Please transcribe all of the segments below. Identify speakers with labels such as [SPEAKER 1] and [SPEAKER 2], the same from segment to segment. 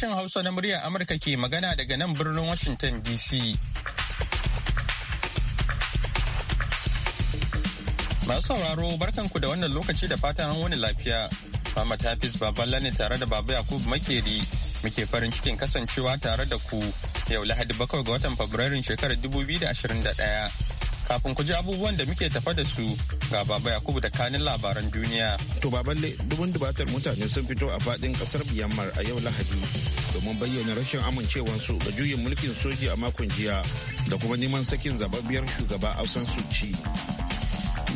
[SPEAKER 1] Sashen Hausa na muryar Amurka ke magana daga nan birnin Washington DC. Masu sauraro barkanku da wannan lokaci da fatan hannu wani lafiya. Mama Tafis Baballa ne tare da Baba Yakubu Makeri muke farin cikin kasancewa tare da ku yau Lahadi bakwai ga watan Fabrairun shekarar 2021. kafin ku ji abubuwan da muke tafa da su ga baba yakubu da kanin labaran duniya. To baballe dubun dubatar mutane sun fito a faɗin ƙasar Myanmar
[SPEAKER 2] a yau Lahadi domin bayyana rashin amincewarsu da juyin mulkin soji a makon jiya da kuma neman sakin zababbiyar shugaba Aung suci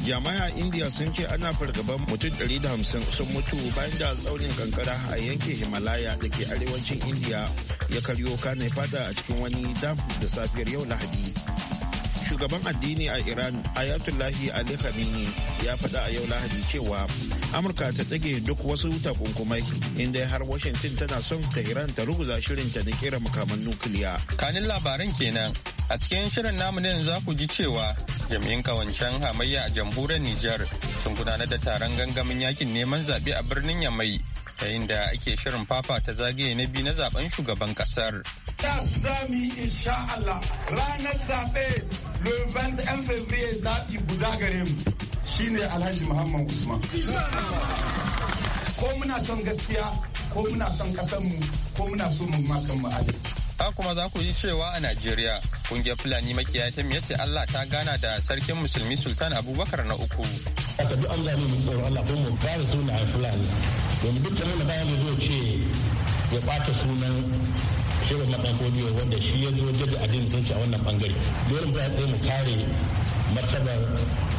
[SPEAKER 2] jama'a india sun ce ana fargaban mutum 150 sun mutu bayan da tsaunin kankara a yanke himalaya da ke arewacin india ya karyo kane fada a cikin wani dam da safiyar yau lahadi shugaban addini a iran ayatullahi ali khamenei ya fada a yau lahadi cewa amurka ta tsage duk wasu takunkumai inda har washington tana son ta iran ta ruguza shirinta na kera makaman nukiliya
[SPEAKER 1] kanin labaran kenan a cikin shirin namu ne za ku ji cewa jami'in kawancen hamayya a jamhuriyar niger sun gudanar da taron gangamin yakin neman zaɓe a birnin yamai yayin da ake shirin fafa ta zagaye na biyu na zaben shugaban kasar
[SPEAKER 3] ranar zaɓe le février zaɓi guda gare mu shine alhaji muhammad usman ko muna son gaskiya ko muna son kasanmu ko muna son mu makan mu
[SPEAKER 1] Ta kuma za ku yi cewa a Najeriya kungiyar Fulani makiyaya ta miyatti Allah ta gana da sarkin musulmi Sultan Abubakar na uku.
[SPEAKER 4] Aka duk an gane mu tsoron Allah ko mu kare sunayen Fulani. Domin duk da bayan da zo ce ya bata sunan shirin matsan kodiyo wanda shi ya zo jirgin addinin sun a wannan bangare dole mu tsaye mu kare martabar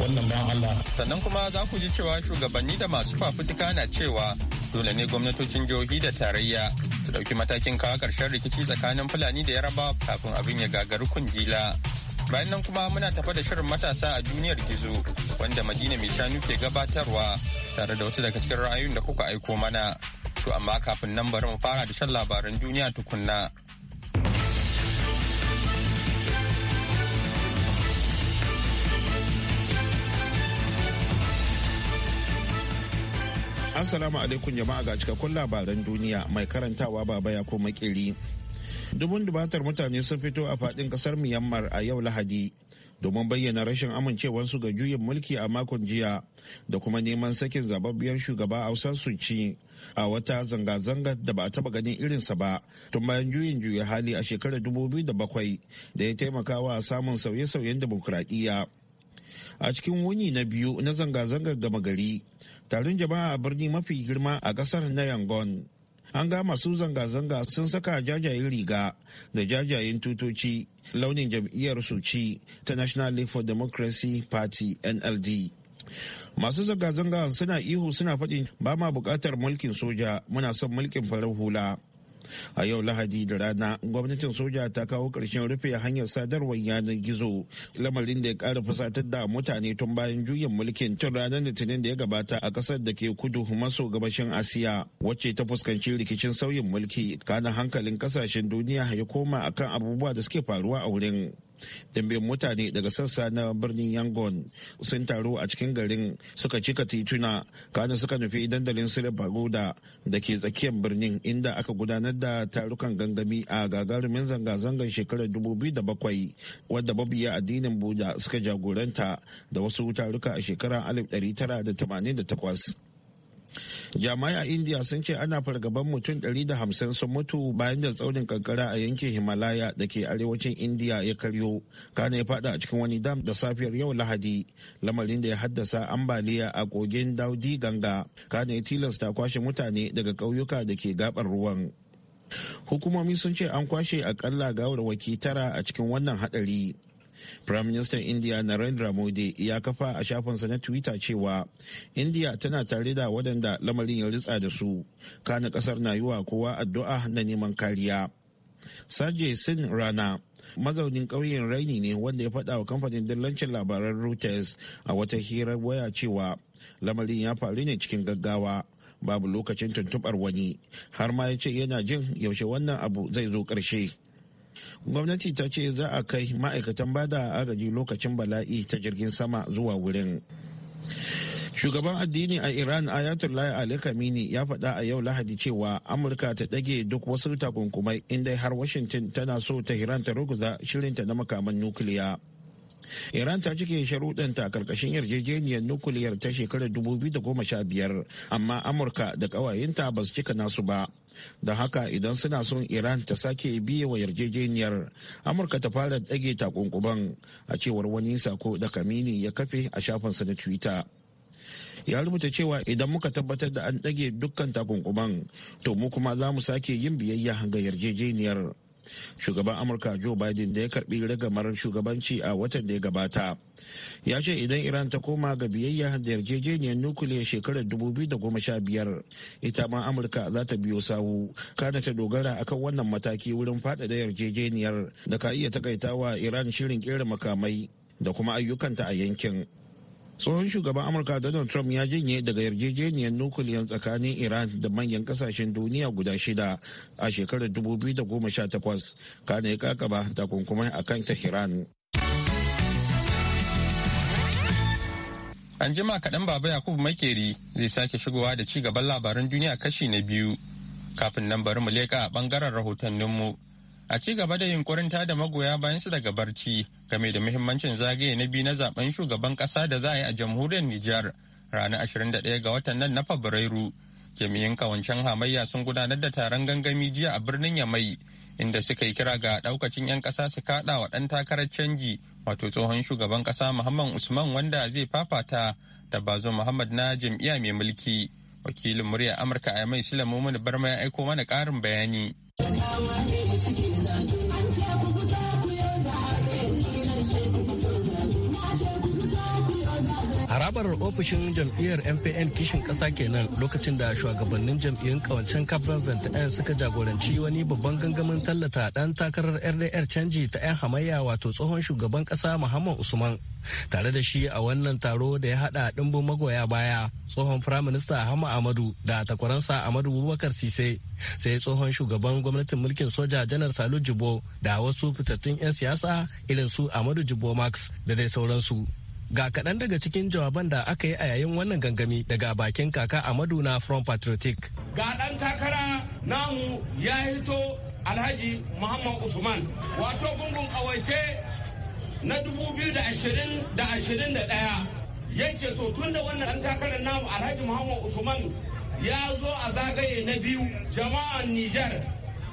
[SPEAKER 4] wannan ba Allah.
[SPEAKER 1] Sannan kuma za ku ji cewa shugabanni da masu fafutuka na cewa dole ne gwamnatocin jihohi da tarayya su ɗauki matakin kawo karshen rikici tsakanin Fulani da Yaraba kafin abin ya gagaru kungila. Bayan nan kuma muna tafa da shirin matasa a duniyar gizo wanda Madina mai shanu ke gabatarwa tare da wasu daga cikin ra'ayoyin da kuka aiko mana. su amma kafin nan bari mu fara da shan labaran duniya tukunna.
[SPEAKER 2] Assalamu alaikum jama'a ga cikakkun labaran duniya mai karantawa baba ya ko makeri. Dubun dubatar mutane sun fito a faɗin ƙasar Myanmar a yau Lahadi domin bayyana rashin amincewarsu ga juyin mulki a makon jiya da kuma neman sakin zababbiyar shugaba Aung suci a wata zanga-zangar da ba a taba ganin irinsa ba tun bayan juyin juya hali a shekarar 2007 da bakwai da ya taimakawa samun sauye-sauyen dimokuraɗiyya a cikin wuni na biyu na zanga-zangar gama gari taron jama'a a birni mafi girma a kasar na yangon an ga masu zanga-zanga sun saka jajayen riga da jajayen tutoci launin jam'iyyar suci ta national league for democracy party nld masu zanga-zanga suna ihu suna faɗin ba ma buƙatar mulkin soja muna son mulkin farar hula a yau lahadi da rana gwamnatin soja ta kawo ƙarshen rufe hanyar sadarwar yanar gizo lamarin da ya kara fusatar da mutane tun bayan juyin mulkin tun ranar litinin da ya gabata a ƙasar da ke kudu maso gabashin asiya wacce ta fuskanci rikicin sauyin mulki kana hankalin kasashen duniya ya koma akan abubuwa da suke faruwa a wurin Dambe mutane daga sassa na birnin yangon sun taru a cikin garin suka cika tituna kana suka nufi dandalin sirri pagoda da ke tsakiyar birnin inda aka gudanar da tarukan gangami a gagarumin zanga-zangar shekarar 2007 wadda mabiya addinin buda suka jagoranta da wasu taruka a shekarar 1988 jami'ai a india sun ce ana fargaban mutum 150 sun mutu bayan da tsaunin kankara a yankin himalaya da ke arewacin india ya karyo kana ya fada a cikin wani dam da safiyar yau lahadi lamarin da ya haddasa ambaliya a kogin daudi ganga kana ya tilasta kwashe mutane daga ƙauyuka da ke gabar ruwan hukumomi sun ce an kwashe akalla gawarwaki tara a cikin wannan haɗari. Prime Minister India Narendra Modi ya kafa a shafinsa na Twitter cewa India tana tare da waɗanda lamarin ya ritsa da su, kana ƙasar na yi wa kowa addu'a na neman kariya. Sajay Sin Rana mazaunin ƙauyen raini ne wanda ya faɗa wa kamfanin dillancin labaran Reuters a wata hirar waya cewa lamarin ya faru ne cikin gaggawa babu lokacin tuntuɓar wani har ma ya ce yana jin yaushe wannan abu zai zo ƙarshe. gwamnati ta ce za a kai ma'aikatan bada agaji lokacin bala'i ta jirgin sama zuwa wurin shugaban addini a iran ayatollah ali kamini ya faɗa a yau lahadi cewa amurka ta ɗage duk wasu takunkumai inda har washington tana so ta ta ruguza shirinta na makaman nukiliya Iran ta cike sharuɗanta a ƙarƙashin yarjejeniyar nukuliyar ta shekarar dubu biyu da goma sha biyar amma Amurka da ƙawayenta ba su cika nasu ba. Da haka idan suna son Iran ta sake biye wa yarjejeniyar Amurka ta fara ɗage takunkuban a cewar wani sako da Kamini ya kafe a shafinsa na Twitter. ya rubuta cewa idan muka tabbatar da an ɗage dukkan takunkuman to mu kuma za mu sake yin biyayya ga yarjejeniyar shugaban amurka joe biden da ya karbi ragamar shugabanci a watan da ya gabata ya ce idan iran ta koma ga biyayya da yarjejeniyar nukiliya shekarar 2015 ita ma amurka za ta biyo sahu. kana ta dogara akan wannan mataki wurin faɗaɗa yarjejeniyar da ka iya takaitawa iran shirin kera makamai da kuma ayyukanta a yankin tsohon shugaban amurka donald trump ya janye daga yarjejeniyar nukiliyar tsakanin iran da manyan kasashen duniya guda shida a shekarar 2018 kana ya da kunkumai a kan tehran
[SPEAKER 1] an jima kaɗan baba yakubu makeri zai sake shigowa da ci gaban labaran duniya kashi na biyu kafin nan bari mu leƙa a ɓangaren rahotanninmu a ci gaba da yunkurin da magoya bayan su daga barci game da muhimmancin zagaye na biyu na zaben shugaban kasa da za a yi a jamhuriyar Nijar ranar 21 ga watan nan na Fabrairu. Jami'in kawancen hamayya sun gudanar da taron gangami jiya a birnin Yamai inda suka yi kira ga daukacin 'yan kasa su kaɗa wa ɗan takarar canji wato tsohon shugaban kasa Muhammad Usman wanda zai fafata da bazo Muhammad na jam'iyya mai mulki. Wakilin murya Amurka a yamai Sula Mumunu Barma ya aiko mana ƙarin bayani.
[SPEAKER 5] harabar ofishin jam'iyyar mpn kishin kasa kenan lokacin da shugabannin jam'iyyun kawancen kafin ventaen suka jagoranci wani babban gangamin tallata dan takarar rdr canji ta 'yan hamayya wato tsohon shugaban kasa muhammad usman tare da shi a wannan taro da ya haɗa dimbin magoya baya tsohon firaminista hama amadu da takwaransa amadu bubakar sise sai tsohon shugaban gwamnatin mulkin soja janar salu jibo da wasu fitattun 'yan siyasa irin su amadu jibo max da dai sauransu Ga kaɗan daga cikin jawaban da aka yi a yayin wannan gangami daga bakin kaka a maduna From Patriotic.
[SPEAKER 6] Ga ɗan takara namu ya hito Alhaji Muhammad Usman. Wato gungun kawaice na 2021 ya ce to tun da wannan ɗan takarar namu Alhaji Muhammad Usman ya zo a zagaye na biyu jama'an Nijar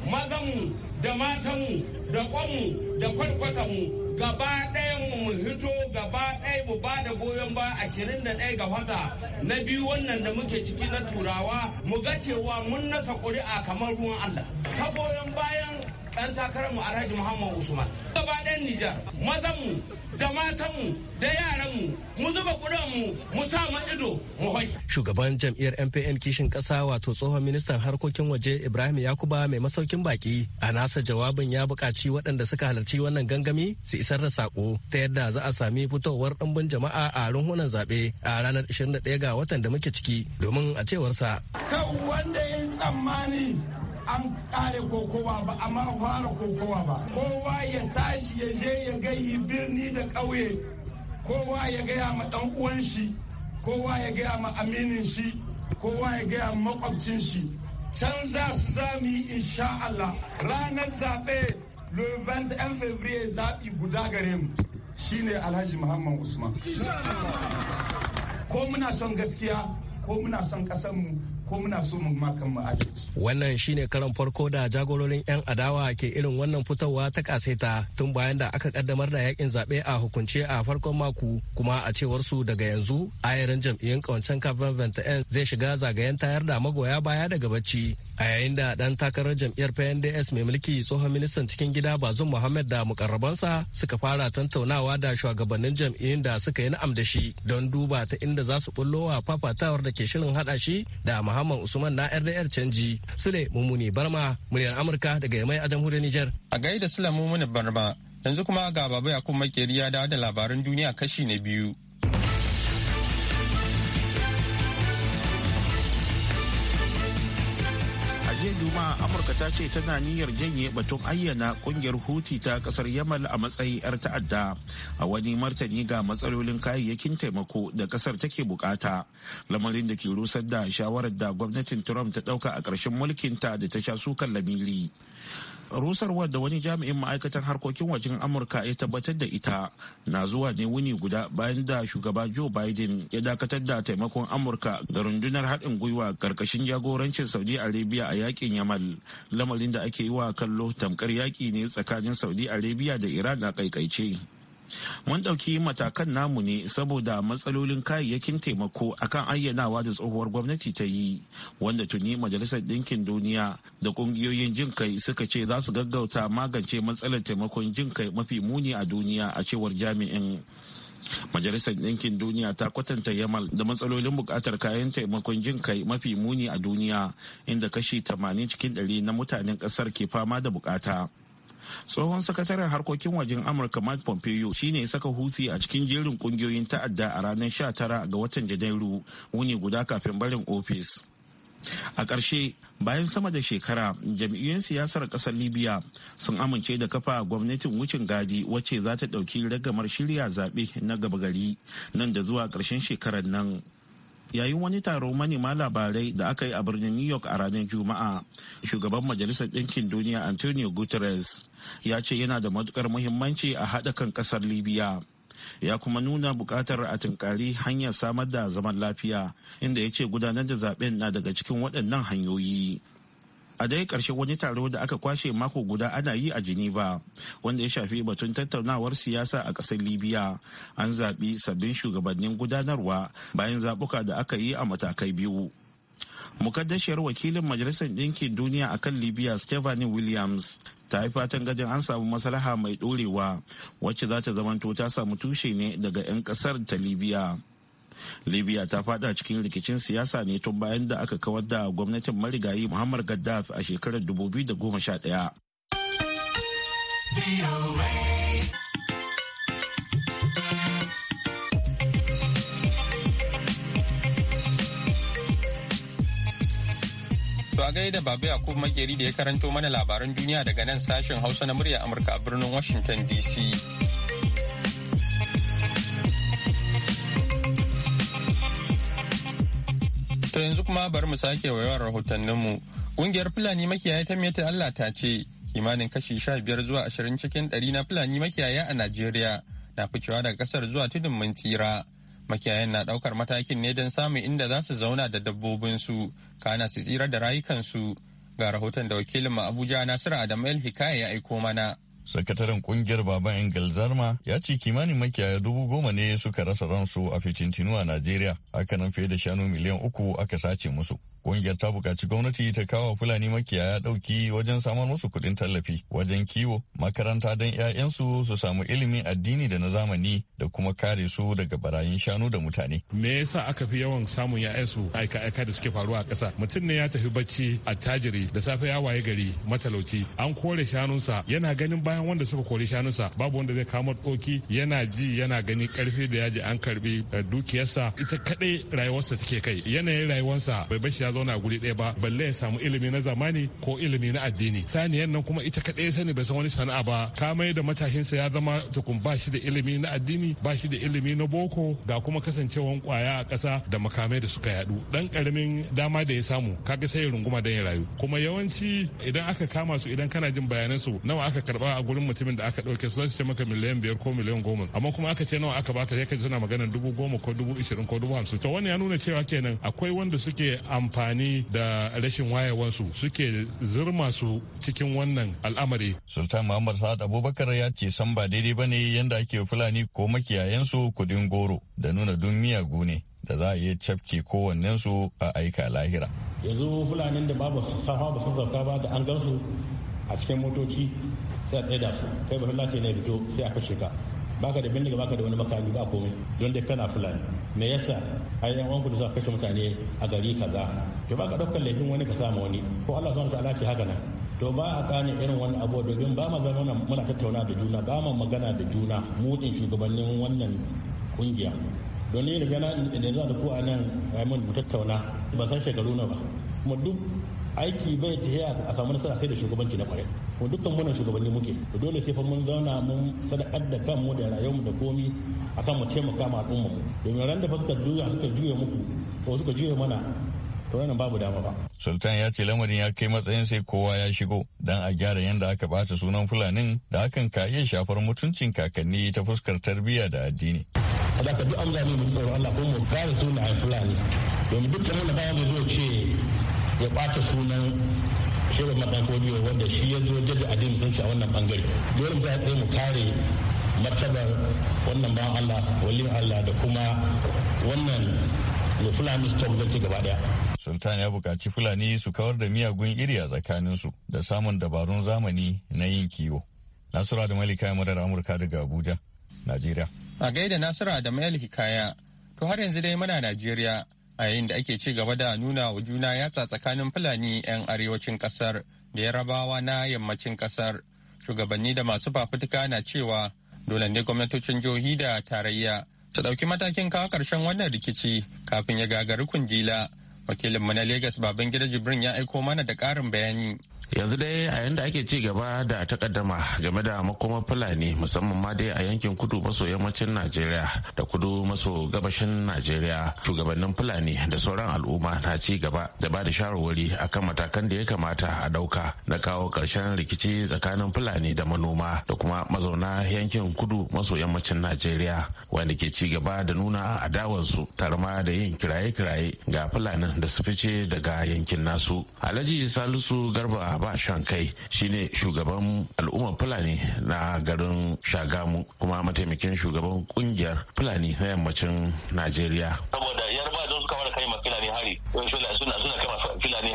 [SPEAKER 6] mazanmu da matanmu da kwanmu da mu. gaba ɗaya mu hito gaba ɗaya mu ba da goyon ba ashirin da ɗaya ga wata na biyu wannan da muke ciki na turawa mu ga cewa mun nasa ƙuri'a kamar ruwan Allah ta goyon bayan dan takararmu alhaji muhammad usman gaba ɗan nijar mazanmu da matanmu da yaranmu mu zuba kudanmu mu sa ido
[SPEAKER 5] mu shugaban jam'iyyar mpn kishin ƙasa wato tsohon ministan harkokin waje ibrahim yakuba mai masaukin baki a nasa jawabin ya buƙaci waɗanda suka halarci wannan gangami su isar da sako ta yadda za a sami fitowar ɗumbin jama'a a runhunan zaɓe a ranar 21 ga watan da muke ciki domin a cewarsa.
[SPEAKER 3] kan wanda ya tsammani an kare kokowa ba amma fara kokowa ba kowa ya tashi ya je ya gayi birni da ƙauye kowa ya gaya ma ɗan uwan shi kowa ya gaya ma aminin shi kowa ya gaya ma makwabcin shi can za su za mu yi insha Allah ranar zaɓe Lovent 'yan Fabriye zaɓi guda gare mu shine Alhaji Muhammad Usman. Ko muna son gaskiya ko muna son mu ko muna so mu makan mu adalci.
[SPEAKER 5] Wannan shine karan farko da jagororin 'yan adawa ke irin wannan fitowa ta kaseta tun bayan da aka kaddamar da yakin zaɓe a hukunce a farkon mako kuma a cewar su daga yanzu ayarin jam'iyyun kawancen kafin 'yan zai shiga zagayen tayar da magoya baya daga bacci a yayin da dan takarar jam'iyyar PNDS mai mulki tsohon ministan cikin gida Bazum Muhammad da mukarrabansa suka fara tantaunawa da shugabannin jam'iyyun da suka yi na'am da shi don duba ta inda za su bullo wa fafatawar da ke shirin hada shi da Muhammad Muhammad Usman na RDR Canji. Sule Mumuni Barma, muryar Amurka daga Yamai a jamhuriyar Nijar. A gaida Sule Mumuni Barma, yanzu kuma ga Baba
[SPEAKER 1] yakub Makeri ya dawo da labaran duniya kashi na biyu.
[SPEAKER 2] juma'a amurka ta ce tana niyyar janye batun ayyana kungiyar huti ta kasar yamal a matsayi 'yar ta'adda a wani martani ga matsalolin kayayyakin taimako da kasar take bukata lamarin da ke rusar da shawarar da gwamnatin trump ta dauka a ƙarshen mulkinta da ta sha sukan lamili rusarwar da wani jami'in ma'aikatan harkokin wajen amurka ya tabbatar da ita na zuwa ne wuni guda bayan da shugaba joe biden ya dakatar da taimakon amurka ga rundunar haɗin gwiwa ƙarƙashin jagorancin saudi arabia a yakin yamal lamarin da ake yi wa kallo tamkar yaƙi ne tsakanin saudi arabia da iran a ƙaiƙaice mun ɗauki matakan namu ne saboda matsalolin kayayyakin taimako akan ayyanawa da tsohuwar gwamnati ta yi wanda tuni majalisar ɗinkin duniya da ƙungiyoyin jin kai suka ce za su gaggauta magance matsalar taimakon jin kai mafi muni a duniya a cewar jami'in majalisar ɗinkin duniya ta kwatanta yamal da matsalolin buƙatar kayan taimakon jin kai mafi muni a duniya inda kashi 80 cikin 100 na mutanen ƙasar ke fama da buƙata. tsohon sakataren harkokin wajen amurka mike pompeo shine saka huthi a cikin jerin kungiyoyin ta'adda a ranar 19 ga watan janairu wuni guda kafin barin ofis a ƙarshe bayan sama da shekara jam'iyyun siyasar ƙasar libya sun amince da kafa gwamnatin wucin gadi wacce za ta ɗauki ragamar shirya zaɓe na gaba gari nan da zuwa ƙarshen shekarar nan yayin wani taron manema labarai da aka yi a birnin new york a ranar juma'a shugaban majalisar ɗinkin duniya antonio guterres ya ce yana da matukar muhimmanci a haɗa kan ƙasar libya ya kuma nuna buƙatar a tunkari hanyar samar da zaman lafiya inda ya ce gudanar da zaben na daga cikin waɗannan hanyoyi a dai ƙarshen wani taro da aka kwashe mako guda ana yi a geneva wanda ya shafi batun tattaunawar siyasa a ƙasar libya an zaɓi sabbin shugabannin gudanarwa bayan zaɓuka da aka yi a matakai biyu mukaddashiyar wakilin majalisar ɗinkin duniya a kan libya stephanie williams ta yi fatan gadin an samu maslaha mai ɗorewa wacce za ta zamanto ta samu tushe ne daga 'yan ƙasar ta libya libya ta fada cikin rikicin siyasa ne tun bayan da aka kawar da gwamnatin marigayi muhammad gaddafi a shekarar 2011
[SPEAKER 1] To a da Baba Yakub Makeri da ya karanto mana labaran duniya daga nan sashen Hausa na murya Amurka a birnin Washington DC. yanzu kuma bari mu sake wayewar rahotanninmu. Ƙungiyar Fulani makiyaya ta Meta Allah ta ce kimanin kashi sha biyar zuwa ashirin cikin ɗari na Fulani makiyaya a Najeriya na ficewa daga ƙasar zuwa tudun mun tsira. Makiyayan na ɗaukar matakin ne don samun inda za su zauna da dabbobinsu kana su tsira da rayukansu. Ga rahoton da
[SPEAKER 7] wakilinmu Abuja Nasiru Adamu El Hikaya ya aiko mana. Sakataren kungiyar Baban Engel Zarma ya ce kimanin makiyaya dubu goma ne suka rasa ransu a fitintinu a Najeriya, hakanan fiye da shanu miliyan uku aka sace musu. Ƙungiyar ta buƙaci gwamnati ta kawo Fulani makiyaya ɗauki wajen samar musu kuɗin tallafi wajen kiwo, makaranta don 'ya'yansu su samu ilimin addini da na zamani da kuma kare su daga barayin shanu da mutane.
[SPEAKER 3] Me yasa aka fi yawan samun 'ya'yansu aika-aika da suke faruwa a ƙasa? Mutum ne ya tafi bacci attajiri da safe ya waye gari matalauci an kore shanunsa yana ganin bayan wanda suka kore shanunsa babu wanda zai kama ɗoki yana ji yana gani ƙarfi da yaji an karɓi eh, dukiyarsa ita kaɗai rayuwarsa take kai yanayin rayuwarsa bai bashi zauna a guri ɗaya ba balle ya samu ilimi na zamani ko ilimi na addini saniyar nan kuma ita kaɗai sani bai san wani sana'a ba ka mai da matashinsa ya zama tukun ba shi da ilimi na addini ba shi da ilimi na boko ga kuma kasancewan kwaya a ƙasa da makamai da suka yadu dan karamin dama da ya samu kaga sai ya runguma dan ya rayu kuma yawanci idan aka kama su idan kana jin bayanan su nawa aka karba a gurin mutumin da aka dauke su su ce maka miliyan biyar ko miliyan goma amma kuma aka ce nawa aka baka sai ka ji suna magana dubu goma ko dubu ishirin ko dubu hamsin to wannan ya nuna cewa kenan akwai wanda suke amfani amfani da rashin wayewansu suke zurma
[SPEAKER 7] su cikin wannan al'amari. Sultan Muhammad Sa'ad Abubakar ya ce san ba daidai ba ne yadda ake Fulani ko makiyayensu kudin goro da nuna dun miyagu ne da za a iya cafke kowannensu a aika lahira.
[SPEAKER 4] Yanzu Fulanin da babu safa ba sun zafka ba da an gansu a cikin motoci sai a tsaye da su kai ba ne fito sai a kashe ka. baka da bindiga baka da wani makami ba komai don dai kana fulani me yasa ai yan wanku da suka kashe mutane a gari kaza to baka daukar laifin wani ka samu wani ko Allah subhanahu wataala ke haka nan to ba a gane irin wani abu domin ba ma zama muna tattauna da juna ba ma magana da juna muɗin shugabannin wannan kungiya don ne da gana da yanzu da ku a nan mun tattauna ba san shekaru na ba kuma duk aiki bai tafiya a samu nasara sai da shugabanci na kwarai ko dukkan munan shugabanni muke to dole sai mun zauna mun sadakar da kanmu da rayuwarmu da komi akan mu taimaka ma al'umma mu domin ran da fa suka juya suka juya muku ko suka juya mana to wannan babu dama ba
[SPEAKER 7] sultan ya ce lamarin ya kai matsayin sai kowa ya shigo dan a gyara yanda aka bata sunan fulanin da hakan ka iya shafar mutuncin kakanni ta fuskar tarbiyya da addini
[SPEAKER 4] ka duk an zame mu tsoro Allah ko mu kare sunan fulani domin dukkan wanda bayan da zo ce ya bata sunan shirin matan wanda shi ya zo jirgin addinin sun a wannan bangare dole za a mu kare martabar
[SPEAKER 7] wannan ba Allah wali Allah da kuma wannan Fulani stock zai gaba daya. Sultan ya bukaci Fulani su kawar da miyagun iri a tsakaninsu da samun dabarun zamani na yin kiwo. Nasura da Malika ya murar Amurka daga Abuja, Najeriya. A gaida Nasura da Malika kaya to har yanzu dai muna Najeriya.
[SPEAKER 1] a yayin da ake cigaba gaba da nuna wa juna yatsa tsakanin fulani 'yan arewacin kasar da ya rabawa na yammacin kasar shugabanni da masu fafutuka na cewa dole ne gwamnatocin jihohi da tarayya su ɗauki matakin kawo ƙarshen wannan rikici kafin ya gagari kundila wakilinmu na lagos babangida jibrin ya aiko mana da ƙarin bayani yanzu dai a yanda ake ci gaba da takaddama game da makomar fulani musamman ma dai a yankin
[SPEAKER 6] kudu maso yammacin najeriya da kudu maso gabashin najeriya shugabannin fulani da sauran al'umma na ci gaba da ba da shawarwari akan matakan da ya kamata a dauka na kawo karshen rikici tsakanin fulani da manoma da kuma mazauna yankin kudu maso yammacin najeriya wanda ke ci gaba da nuna adawansu tare ma da yin kiraye-kiraye ga fulanin da su fice daga yankin nasu alhaji salisu garba ba kai shankai ne shugaban al'ummar fulani na garin shagamu kuma mataimakin shugaban kungiyar fulani na yammacin najeriya
[SPEAKER 8] saboda yarba don suka
[SPEAKER 4] kai ma fulani hari suna suna kama fulani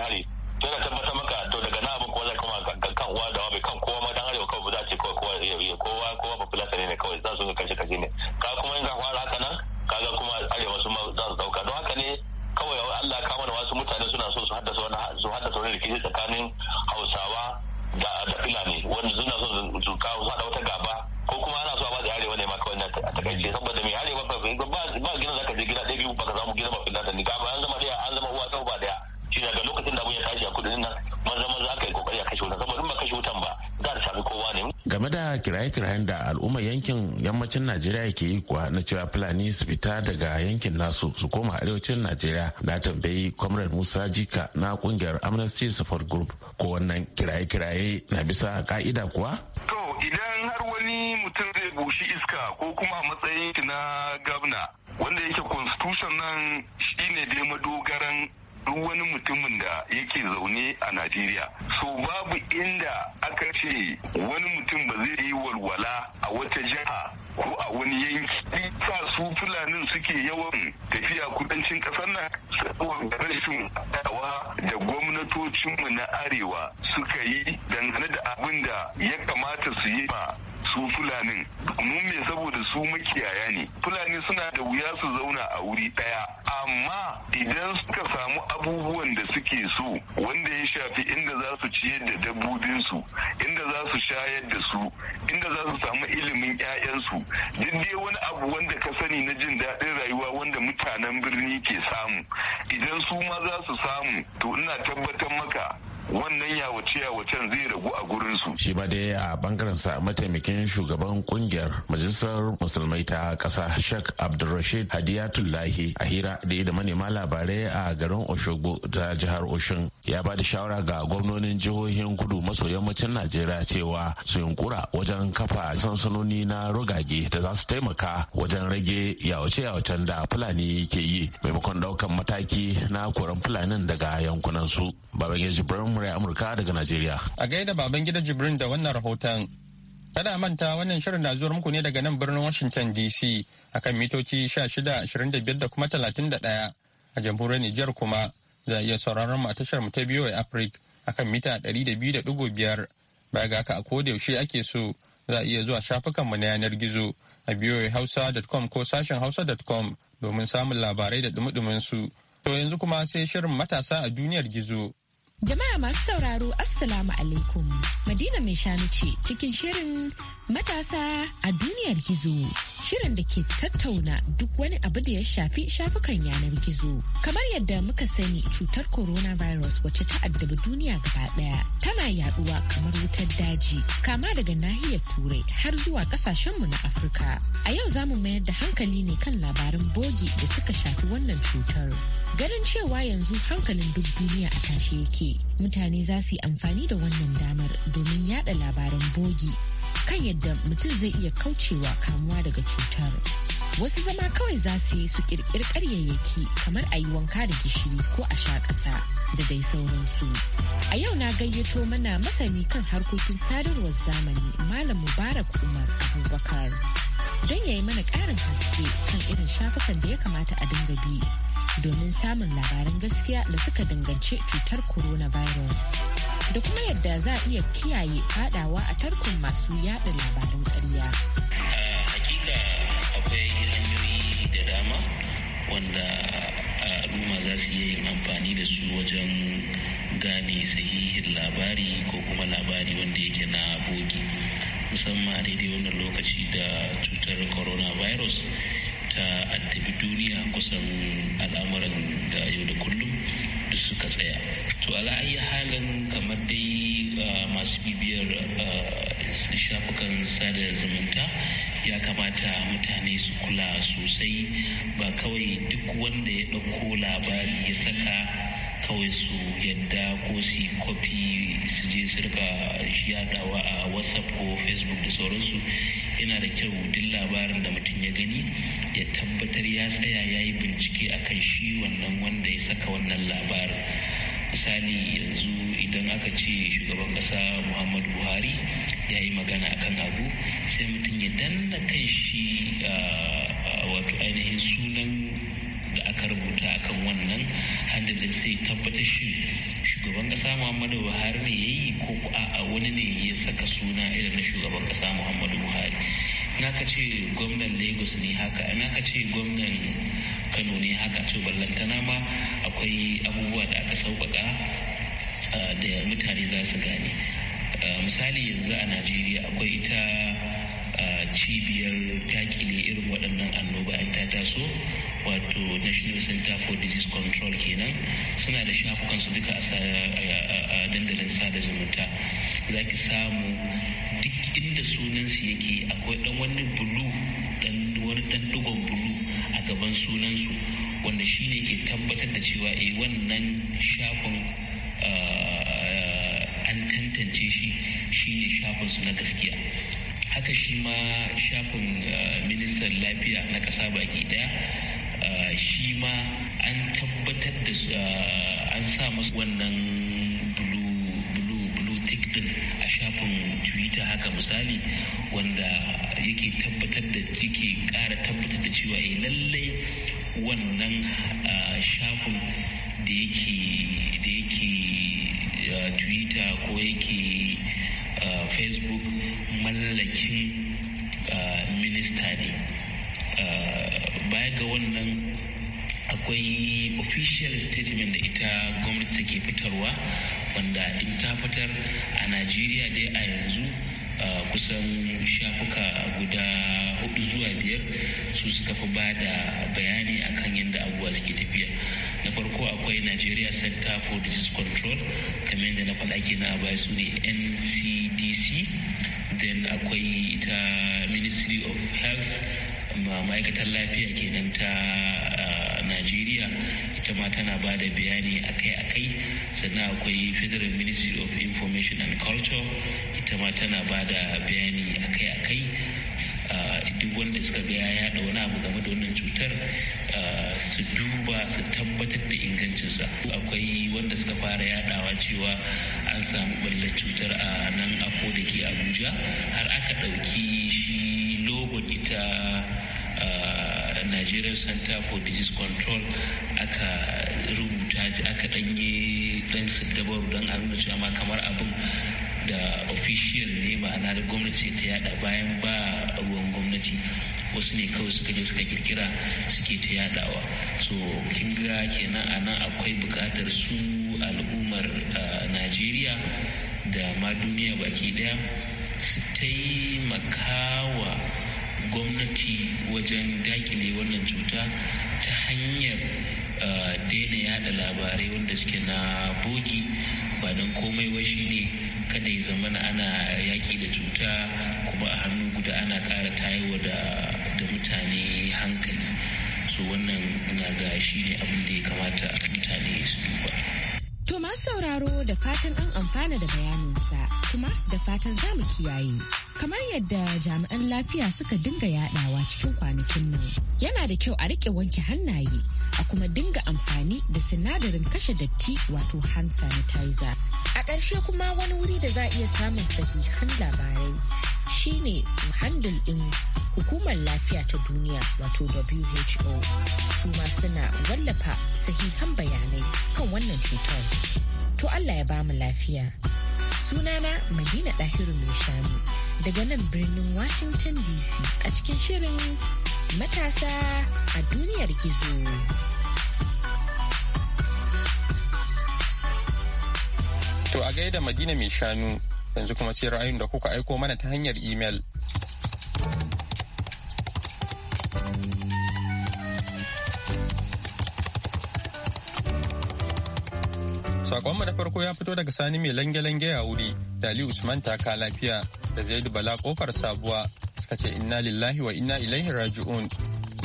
[SPEAKER 6] yankin yammacin najeriya ke yi kuwa na cewa fulani su fita daga yankin nasu su koma arewacin najeriya na tambayi comrade musa jika na kungiyar amnesty support group ko wannan kiraye-kiraye na bisa ka'ida kuwa
[SPEAKER 8] to idan har wani mutum zai bushi iska ko kuma a matsayin
[SPEAKER 7] na gabna wanda yake constitution nan shine dai madogaran duk wani mutumin da yake zaune a Najeriya. So babu inda aka ce wani mutum ba zai yi walwala a wata jiha ko a wani yanki sa su fulanin suke yawan tafiya kudancin kasar nan saboda rashin dawa da gwamnatocinmu na arewa suka yi dangane da abin da ya kamata su yi ma su fulanin mu me saboda su makiyaya ne fulani suna da wuya su zauna a wuri ɗaya amma idan suka samu abubuwan da suke so wanda ya shafi inda za su ciyar da su inda za su shayar da su inda za su samu ilimin 'ya'yansu duk dai wani abu wanda ka sani na jin daɗin rayuwa wanda mutanen birni ke samu idan su ma za su samu to ina tabbatar maka wannan ya ya yawacen zai ragu a gurinsu.
[SPEAKER 6] shi ba dai a bangaren sa mataimakin shugaban kungiyar majalisar musulmai ta kasa sheikh abdulrashid hadiyatullahi a hira da da manema labarai a garin oshogbo ta jihar oshun ya ba da shawara ga gwamnonin jihohin kudu maso yammacin najeriya cewa su yunkura wajen kafa sansanoni na rogage da za su taimaka wajen rage yawace-yawacen da fulani ke yi maimakon daukan mataki na koran fulanin daga yankunan su baban Birnin murya Amurka daga Najeriya.
[SPEAKER 1] A gaida baban gida Jibrin da wannan rahoton. Tana manta wannan shirin na zuwa muku ne daga nan birnin Washington DC a kan mitoci 16, 25 da kuma 31 a jamhuriyar Nijar kuma za a iya sauraron mu a tashar mu ta biyo a Africa kan mita 200.5 baya ga haka a koda yaushe ake so za a iya zuwa shafukanmu na yanar gizo a voahausa.com ko sashen hausa.com domin samun labarai da dumin su. To yanzu kuma sai shirin matasa a duniyar gizo.
[SPEAKER 8] Jama'a masu sauraro Assalamu alaikum. Madina mai shanu ce cikin shirin matasa a duniyar gizo. Shirin da ke tattauna duk wani abu da ya shafi shafukan yanar gizo. Kamar yadda muka sani cutar coronavirus wacce ta addabi duniya gaba daya tana yaduwa kamar wutar daji kama daga nahiyar turai har zuwa kasashenmu na Afirka. A yau za mu mayar da hankali ne kan labarin bogi da suka shafi wannan cutar. ganin cewa yanzu hankalin duk duniya a tashe yake mutane za su yi amfani da wannan damar domin yada labaran bogi kan yadda mutum zai iya kaucewa kamuwa daga cutar wasu zama kawai za su yi su kirkir karyayyaki kamar a yi wanka da gishiri ko a sha ƙasa da dai sauransu a yau na gayyato mana masani kan harkokin sadarwar zamani malam mubarak umar abubakar don ya yi mana ƙarin haske kan irin shafukan da ya kamata a dinga bi domin samun labaran gaskiya da suka danganci cutar coronavirus. Da kuma yadda za a iya kiyaye fadawa a tarkon masu yada labaran ƙarya.
[SPEAKER 9] Hakika akwai hanyoyi da dama wanda ah, al'umma za su iya amfani da su wajen gane sahihin labari ko kuma labari wanda yake na bogi musamman a daidai wannan lokaci da cutar coronavirus ta addabi duniya kusan al'amuran da yau da kullum duk suka tsaya to ala'ayi halin kamar dai ah, masu bibiyar ah, shafukan sada zumunta ya kamata mutane su kula sosai ba kawai duk wanda ya ɗauko labari ya saka kawai su yadda ko su kofi su je su rika yadawa a whatsapp ko facebook da sauransu yana da kyau duk labarin da mutum ya gani ya tabbatar ya tsaya ya yi bincike akan shi wannan wanda ya saka wannan labarin misali yanzu idan aka ce shugaban kasa muhammadu buhari ya yi magana akan abu sai mutum ya danna kan shi ah, wato ainihin sunan da aka rubuta akan wannan handalin sai tabbatar shi shugaban kasa muhammadu buhari ne ya yi ko a wani ne ya saka suna irin na shugaban kasa muhammadu buhari na ka ce gwamnan lagos ne haka na ka ce gwamnan kano ne haka to ballantana ma akwai abubuwa da aka sauƙaƙa da mutane za su gane misali yanzu a najeriya akwai ita cibiyar ne irin waɗannan annoba ta taso wato national center for disease control kenan suna da shafukan su duka a dandalin sada zumunta za ki samu duk inda sunansu yake akwai dan wani bulu dan wani dan dugon bulu a gaban sunansu wanda shi ke tabbatar da cewa eh wannan shafin an tantance shi shi ne shafinsu na gaskiya haka shi ma shafin ministan lafiya na kasa baki daya shi ma an tabbatar da an sa masu wannan blue tick din a shafin twitter haka misali wanda yake tabbatar da yake kara tabbatar da cewa eh lallai wannan shafin da yake da yake twitter ko yake facebook mallakin minista ne baya ga wannan akwai official statement da ita gwamnati take fitarwa wanda in ta fitar a najeriya dai a yanzu kusan shafuka guda hudu zuwa biyar su suka fi ba da bayani akan yadda abubuwa suke tafiya na farko akwai nigeria center for disease control kamar yadda na faɗa ke na baya su ne ncdc then akwai ita ministry of health ma'aikatar lafiya kenan ta najeriya ita ma tana ba da bayani akai-akai sannan akwai federal ministry of information and culture ita ma tana ba da bayani akai-akai ah, duk wanda suka ga ya da wani abu game da wannan cutar ah, su duba su tabbatar da ingancinsa akwai wanda suka fara yadawa cewa an samu ɓallar cutar a nan ako da ke abuja har aka ɗauki shi logon ita nigerian center for disease control aka rubuta aka ɗanyi ɗan siddabaru don a nuna cewa kamar abin da official ne ma'ana da gwamnati ta yada bayan ba ruwan gwamnati wasu ne kawai suka je suka kirkira suke ta yadawa so kin ga kenan a nan akwai bukatar su al'ummar najeriya da ma duniya baki daya su taimakawa. gwamnati wajen dakile wannan cuta ta hanyar eh, daina yada labarai wanda suke na bogi ba don komai washi ne kada ya zama ana yaki da cuta kuma a hannu guda ana ƙara tayowa da mutane hankali so wannan na ga shi ne abin da ya kamata mutane su duba
[SPEAKER 8] to masu sauraro da fatan an amfana da bayaninsa kuma da fatan za mu kiyaye kamar yadda jami'an lafiya suka dinga yaɗawa cikin kwanakin nan yana da kyau a rike wanke hannaye a kuma dinga amfani da sinadarin kashe datti wato hand sanitizer a ƙarshe kuma wani wuri da za a iya samun sahihan labarai shine handul ɗin hukumar lafiya ta duniya wato who su ma suna wallafa sahihan bayanai kan wannan cutar to allah ya bamu lafiya sunana madina ɗahiru mai shanu daga nan birnin Washington DC a cikin shirin matasa a duniyar gizo.
[SPEAKER 1] To a gaida Madina mai shanu yanzu kuma sai ra'ayin da kuka aiko mana ta hanyar imel. Bakonmu na farko ya fito daga sani mai lange-lange a wuri, Dali Usman taka lafiya da Zaidu Bala kofar sabuwa suka ce inna lillahi wa inna ilaihi raji'un.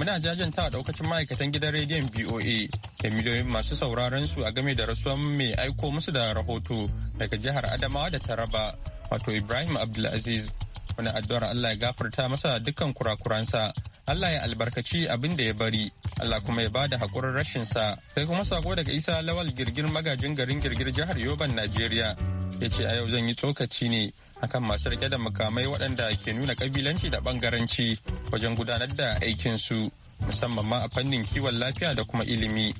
[SPEAKER 1] Muna jajantawa daukacin ma'aikatan gidan rediyon BOA da miliyoyin masu sauraron su a game da rasuwan mai aiko musu da rahoto daga jihar Adamawa da Taraba, wato Ibrahim Abdulaziz. Muna addu'ar Allah ya gafarta masa dukkan kurakuransa, Allah ya albarkaci abin da ya bari. Allah kuma ya bada haƙurin rashin sa sai kuma sako daga Isa Lawal girgir magajin garin girgir jihar Yoban Najeriya ya ce a yau zan yi tsokaci ne akan masu rike da makamai waɗanda ke nuna kabilanci da bangaranci wajen gudanar da aikin su musamman ma a fannin kiwon lafiya da kuma ilimi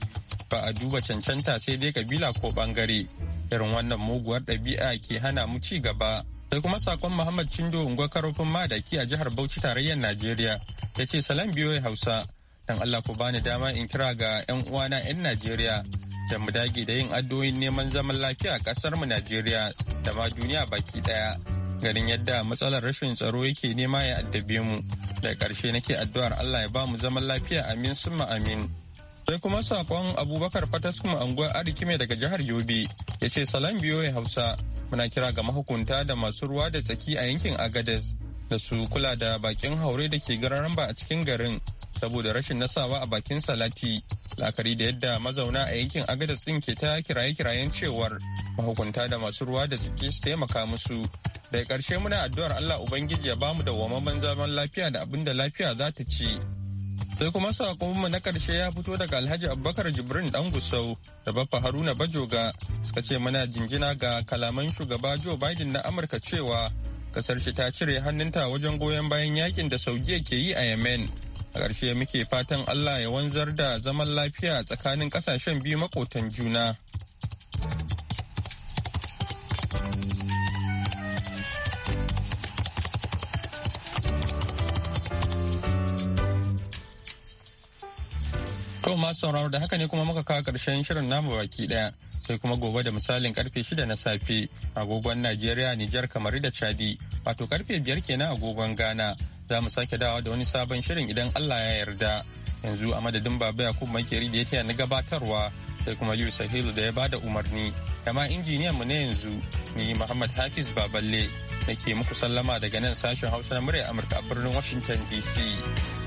[SPEAKER 1] ba a duba cancanta sai dai kabila ko ɓangare. irin wannan muguwar ɗabi'a ke hana mu ci gaba sai kuma sakon muhammad cindo unguwar karofin madaki a jihar bauchi tarayyar najeriya ya ce salam biyoyi hausa dan Allah ku bani dama in kira ga 'yan uwana 'yan Najeriya da mu dage da yin addu'o'in neman zaman lafiya a ƙasar mu Najeriya da ma duniya baki ɗaya. Garin yadda matsalar rashin tsaro yake nema ya addabe mu. Da ƙarshe nake addu'ar Allah ya ba mu zaman lafiya amin summa amin. Sai kuma saƙon Abubakar Fatas Kuma anguwar Arikime daga jihar Yobe ya ce salam biyo ya Hausa muna kira ga mahukunta da masu ruwa da tsaki a yankin Agades da su kula da bakin haure da ke gararan a cikin garin saboda rashin nasawa a bakin salati lakari da yadda mazauna a yankin agadas din ke ta kiraye-kirayen cewar mahukunta da masu ruwa da suke su taimaka musu daga ƙarshe muna addu'ar allah ubangiji ya bamu da wamaman zaman lafiya da abinda lafiya za ta ci sai kuma sakonmu na karshe ya fito daga alhaji abubakar jibrin dan gusau da baffa haruna bajoga suka ce muna jinjina ga kalaman shugaba joe biden na amurka cewa kasar shi ta cire hannunta wajen goyon bayan yakin da saudiya ke yi a yemen a ƙarshe muke fatan allah ya wanzar da zaman lafiya tsakanin ƙasashen biyu makotan juna To sauraro da haka ne kuma muka kawo ƙarshen shirin namu baki ɗaya sai kuma gobe da misalin karfe 6 na safe agogon Najeriya, Nijar, kamar da Chadi wato karfe 5 kenan agogon Ghana za mu sake dawa da wani sabon shirin idan Allah ya yarda yanzu a madadin baba yakub makeri da ya taya na gabatarwa sai kuma Yusuf Sahilu da ya bada umarni da ma injiniyan mu ne yanzu ni Muhammad Hafiz Baballe nake muku sallama daga nan sashen Hausa na murya Amurka a birnin Washington DC